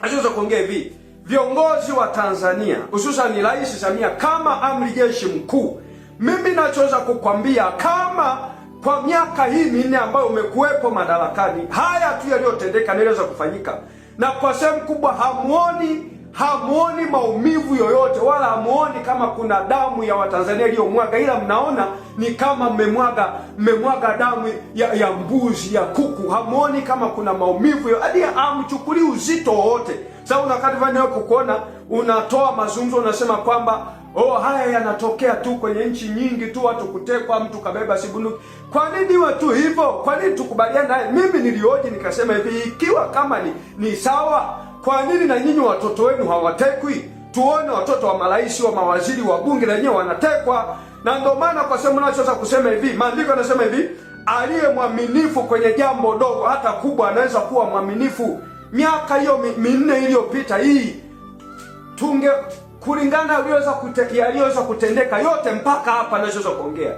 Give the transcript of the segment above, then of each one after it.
Nachoweza kuongea hivi, viongozi wa Tanzania hususan Rais Samia kama amri jeshi mkuu, mimi nachoweza kukwambia kama kwa miaka hii minne ambayo umekuwepo madarakani, haya tu yaliyotendeka niweza kufanyika, na kwa sehemu kubwa hamuoni hamuoni maumivu yoyote, wala hamuoni kama kuna damu ya Watanzania iliyomwaga, ila mnaona ni kama mmemwaga mmemwaga damu ya, ya mbuzi ya kuku. Hamuoni kama kuna maumivu yoyote, hadi hamchukulii uzito wowote. Sasa unakati vani wako kuona unatoa mazungumzo unasema kwamba oh, haya yanatokea tu kwenye nchi nyingi tu, watu kutekwa, mtu kabeba sibunduki. Kwa nini watu hivyo? Kwa nini tukubaliane naye? Mimi nilioji nikasema hivi, ikiwa kama ni, ni sawa kwa nini na nyinyi watoto wenu hawatekwi? Tuone watoto wa marais wa mawaziri wa bunge lenyewe wanatekwa, na ndio maana kwa sehemu nachoweza kusema hivi, maandiko yanasema hivi, aliye mwaminifu kwenye jambo dogo hata kubwa anaweza kuwa mwaminifu. Miaka hiyo minne iliyopita hii tunge kulingana aliyoweza kutekia kutendeka yote mpaka hapa anachoweza kuongea.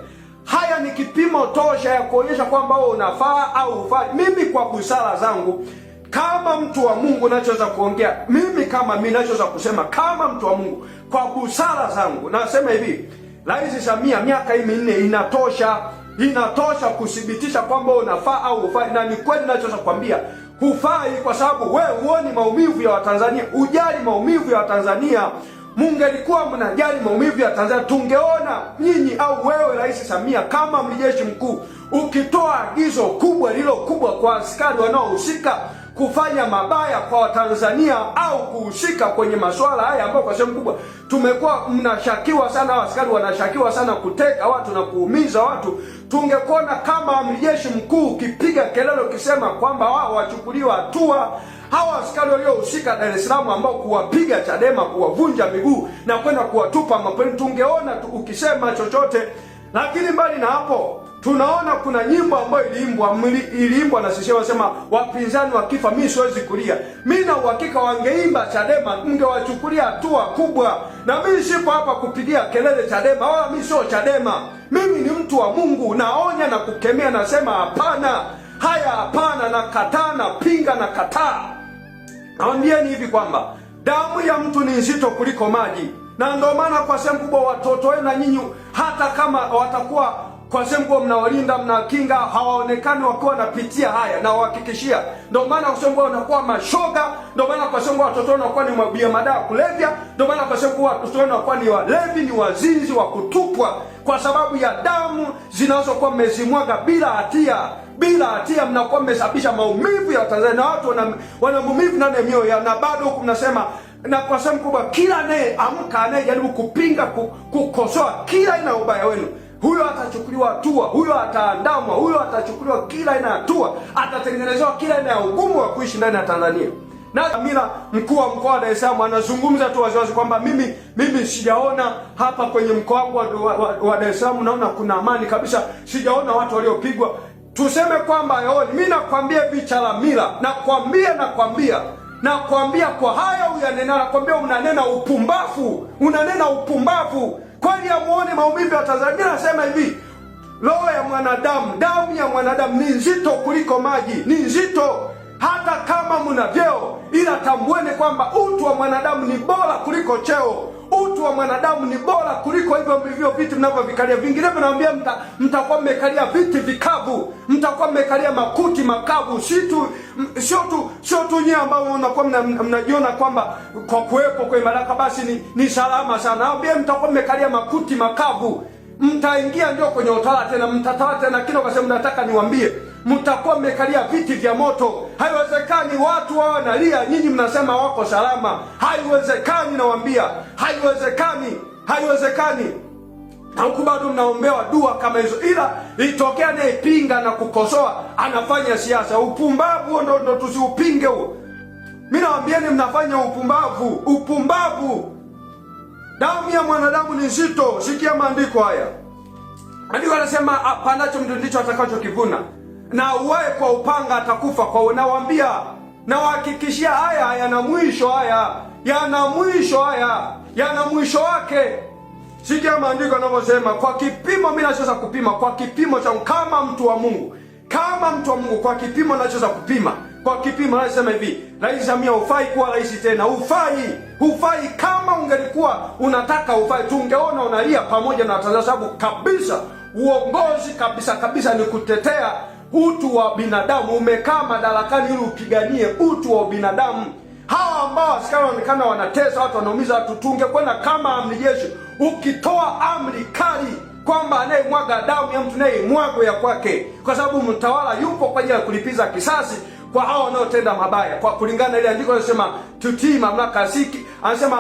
Haya ni kipimo tosha ya kuonyesha kwamba wewe unafaa au hufai. Mimi kwa busara zangu kama mtu wa Mungu nachoweza kuongea mimi, kama mimi nachoweza kusema kama mtu wa Mungu kwa busara zangu, nasema hivi, Rais Samia miaka hii minne inatosha, inatosha kuthibitisha kwamba unafaa au hufai, na ni kweli nachoweza kukwambia hufai, kwa sababu we huoni maumivu ya Watanzania, ujali maumivu ya Watanzania. Mungelikuwa mnajali maumivu ya Tanzania, tungeona nyinyi au wewe Rais Samia kama mjeshi mkuu ukitoa agizo kubwa lilo kubwa kwa askari wanaohusika kufanya mabaya kwa Watanzania au kuhusika kwenye masuala haya ambayo kwa sehemu kubwa tumekuwa mnashakiwa sana, askari wanashakiwa sana kuteka watu na kuumiza watu. Tungekuona kama amiri jeshi mkuu ukipiga kelele ukisema kwamba wao wachukuliwa hatua hawa askari waliohusika Dar es Salaam ambao kuwapiga Chadema kuwavunja miguu na kwenda kuwatupa mapeni, tungeona tu ukisema chochote. Lakini mbali na hapo tunaona kuna nyimbo ambayo iliimbwa iliimbwa na sisi, wasema, wapinzani wakifa mimi siwezi kulia. Mimi na uhakika wangeimba Chadema mngewachukulia hatua kubwa, na mimi sipo hapa kupigia kelele Chadema, wala mimi sio Chadema. Mimi ni mtu wa Mungu, naonya na kukemea, nasema hapana, haya hapana, na kataa na pinga na kataa. Naambieni hivi kwamba damu ya mtu ni nzito kuliko maji, na ndio maana kwa sehemu kubwa watoto wenu na nyinyi hata kama watakuwa kwa sehemu sababu mnawalinda, mnakinga, hawaonekani wakiwa wanapitia haya, na wahakikishia. Ndio maana kwa sababu wanakuwa mashoga, ndio maana kwa sababu watoto wanakuwa ni mabia madawa kulevya, ndio maana kwa sababu watoto wanakuwa ni walevi, ni wazinzi wa kutupwa, kwa sababu ya damu zinazokuwa mmezimwaga bila hatia bila hatia mnakuwa mmesababisha maumivu ya Tanzania na watu wana, wana maumivu ndani ya mioyo yao, na bado huku mnasema, na kwa sehemu kubwa, kila anayeamka anayejaribu kupinga kukosoa, kila ina ubaya wenu huyo atachukuliwa hatua, huyo ataandamwa, huyo atachukuliwa kila aina ya hatua, atatengenezewa kila aina ya ugumu wa kuishi ndani ya Tanzania. Na Amira, mkuu wa mkoa wa Dar es Salaam anazungumza tu waziwazi kwamba mimi mimi sijaona hapa kwenye mkoa wangu wa, wa, wa Dar es Salaam naona kuna amani kabisa, sijaona watu waliopigwa. Tuseme kwamba yoni, mimi nakwambia vichalamila, nakwambia nakwambia nakwambia kwa haya uyanena, nakwambia unanena upumbavu, unanena upumbavu kweli amuone maumivu ya Tanzania. Mimi nasema hivi, roho ya mwanadamu, damu ya mwanadamu ni nzito kuliko maji, ni nzito hata kama mna ila tambueni kwamba utu wa mwanadamu ni bora kuliko cheo utu wa mwanadamu ni bora kuliko hivyo hivyo viti mnavyovikalia. Vinginevyo naambia mta, mtakuwa mmekalia viti vikavu, mtakuwa mmekalia makuti makavu. Si tu sio tu sio tu nyewe ambao mnakuwa mnajiona kwamba kwa kuwepo kwa madaraka basi ni, ni salama sana. Naambia mtakuwa mmekalia makuti makavu, mtaingia ndio kwenye utawala tena, mtatawala tena kile. Kwa sababu nataka niwaambie mtakuwa mmekalia viti vya moto. Haiwezekani watu wao wanalia, nyinyi mnasema wako salama. Haiwezekani, nawaambia haiwezekani, haiwezekani. Na huku bado mnaombewa dua kama hizo, ila itokea anayepinga na kukosoa anafanya siasa. Upumbavu huo ndo, ndo tusiupinge huo. Mi nawambieni mnafanya upumbavu, upumbavu. Damu ya mwanadamu ni nzito, sikia maandiko haya. Andiko anasema apandacho mtu ndicho atakachokivuna na uwaye kwa upanga atakufa kwao. Nawaambia, nawahakikishia, haya yana mwisho, haya yana mwisho, haya yana mwisho wake. Sikia maandiko yanavyosema, kwa kipimo mimi nachoweza kupima, kwa kipimo cha kama mtu wa Mungu, kama mtu wa Mungu, kwa kipimo nachoweza kupima, kwa kipimo nasema hivi, Rais Samia ufai kuwa rais tena, ufai, ufai. Kama ungelikuwa unataka ufai, tungeona unalia pamoja na Watanzania, sababu kabisa uongozi kabisa kabisa ni kutetea utu wa binadamu, umekaa madarakani ili upiganie utu wa binadamu. Hawa ambao askari wanaonekana wanatesa watu, wanaumiza watu, tungekwenda kama amri jeshi, ukitoa amri kali kwamba anayemwaga damu ya mtu naye mwago ya kwake, kwa sababu mtawala yupo kwa ajili ya kulipiza kisasi kwa hao wanaotenda mabaya, kwa kulingana na ile andiko linasema tutii mamlaka siki, anasema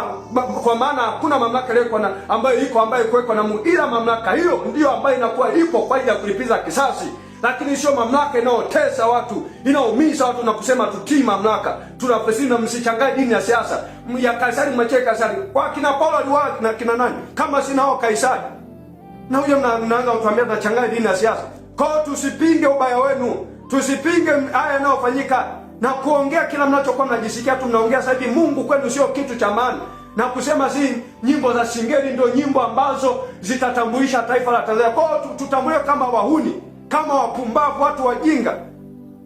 kwa maana hakuna mamlaka ile na ambayo iko ambayo kuwekwa na Mungu, ila mamlaka hiyo ndiyo ambayo inakuwa ipo kwa ajili ya kulipiza kisasi lakini sio mamlaka inayotesa watu, inaumiza watu na kusema tutii mamlaka, Tunafesini na msichangae dini ya siasa ya Kaisari, mwache Kaisari. Kwa kina Paulo aliwa na kina nani kama sina hao Kaisari? Na huyo mnaanza kutuambia tunachangae dini ya siasa. Kwa hiyo tusipinge ubaya wenu, tusipinge haya yanayofanyika na kuongea kila mnachokuwa mnajisikia tu mnaongea. Sasa hivi Mungu kwenu sio kitu cha maana na kusema si nyimbo za Singeli ndio nyimbo ambazo zitatambulisha taifa la Tanzania. Kwa hiyo tutambue kama wahuni kama wapumbavu, watu wajinga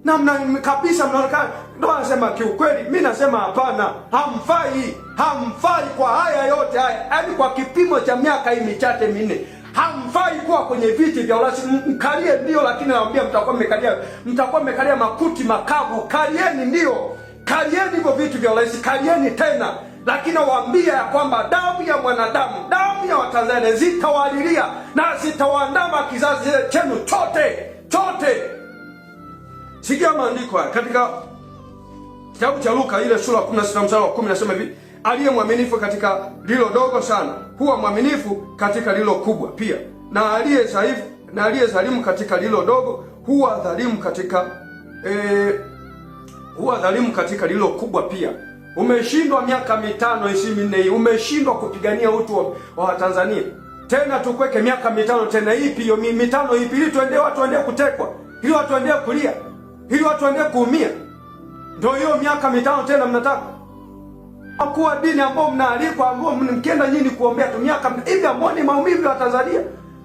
namna kabisa mnaonekana. ndo anasema kiukweli, mi nasema hapana, hamfai, hamfai kwa haya yote haya, yaani kwa kipimo cha miaka hii michache minne hamfai kuwa kwenye viti vya uraisi. Mkalie ndio, lakini nawambia mtakuwa mmekalia, mtakuwa mmekalia makuti makavu. Kalieni ndio, kalieni hivyo viti vya uraisi, kalieni tena, lakini nawaambia ya kwamba damu ya mwanadamu damu dhambi Watanzania zitawalilia na zitawaandama kizazi chenu chote chote. Sikia maandiko haya katika kitabu cha Luka ile sura ya 16 mstari wa 10, nasema hivi aliye mwaminifu katika lilo dogo sana huwa mwaminifu katika lilo kubwa pia, na aliye dhaifu na aliye dhalimu katika lilo dogo huwa dhalimu katika eh, huwa dhalimu katika lilo kubwa pia. Umeshindwa miaka mitano ishirini minne hii umeshindwa kupigania utu wa Watanzania. Tena tukweke miaka mitano tena, ipi hiyo? Mitano ipi? Ili tuende watu waendelee kutekwa, ili watu waendelee kulia, ili watu waendelee kuumia. Ndio hiyo miaka mitano tena mnataka akuwa dini ambao mnaalikwa, ambao mkienda nyinyi kuombea tu miaka hivi, hamuoni maumivu ya Tanzania?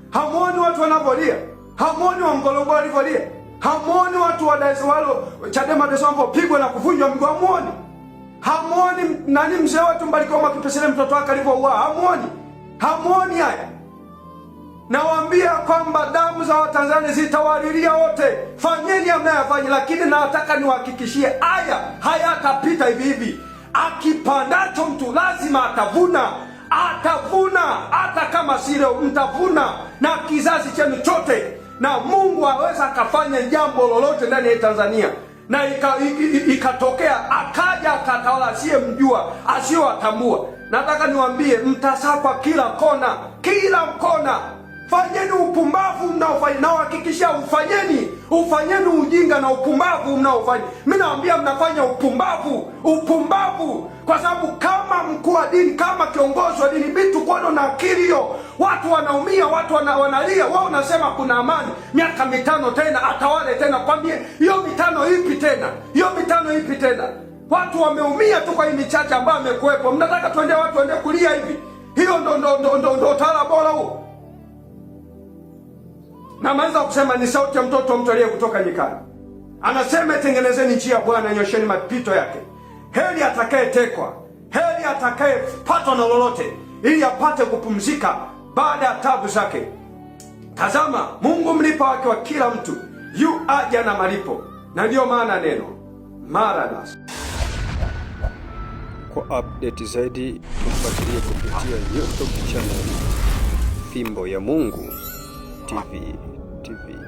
Hamuoni watu wanavyolia? Hamuoni wa Ngorongoro walivyolia? Hamuoni watu wa Dar es Salaam, Chadema Dar es Salaam pigwa na kuvunjwa miguu? Hamuoni? Hamuoni nani mzee wetu Mbarikiwa Mwakipesile mtoto wake alivyouawa? Hamuoni? Hamuoni haya? Nawaambia kwamba damu za Watanzania zitawalilia wote. Fanyeni amnayafanya. lakini nataka niwahakikishie haya hayatapita hivi hivi. Akipandacho mtu lazima atavuna, atavuna hata kama si leo, mtavuna na kizazi chenu chote, na Mungu aweza akafanya jambo lolote ndani ya Tanzania na ikatokea ika, akaja akatawala asiyemjua asiyowatambua. Nataka niwambie mtasakwa kila kona, kila kona. Fanyeni upumbavu mnaofanya, nawahakikishia ufanyeni ufanyeni ujinga na upumbavu mnaofanya. Mi nawambia mnafanya upumbavu, upumbavu, kwa sababu kama mkuu wa dini, kama kiongozi wa dini, bitu kwano na akili hiyo. Watu wanaumia, watu wana, wanalia, wao unasema kuna amani. Miaka mitano tena atawale tena, kwambie hiyo mitano ipi tena? Hiyo mitano ipi tena? Watu wameumia tu kwa hii michache ambayo amekuwepo. Mnataka tuende watu waende kulia hivi? Hiyo ndo ndo ndo ndo utawala bora huo? Namaliza kusema ni sauti ya mtoto mtu aliye kutoka nyikani, anasema itengenezeni njia ya Bwana, nyosheni mapito yake. Heri atakayetekwa, heri atakayepatwa na lolote, ili apate kupumzika baada ya tabu zake. Tazama, Mungu mlipa wake wa kila mtu yu aja na malipo, na ndiyo maana neno Maranas. Kwa update zaidi tufuatilie kupitia YouTube channel Fimbo ya Mungu TV. TV.